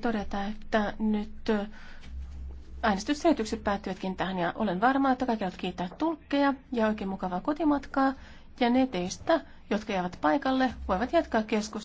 todeta, että nyt äänestysselitykset päättyvätkin tähän ja olen varma, että kaikki kiittää tulkkeja ja oikein mukavaa kotimatkaa ja ne teistä, jotka jäävät paikalle, voivat jatkaa keskustelua.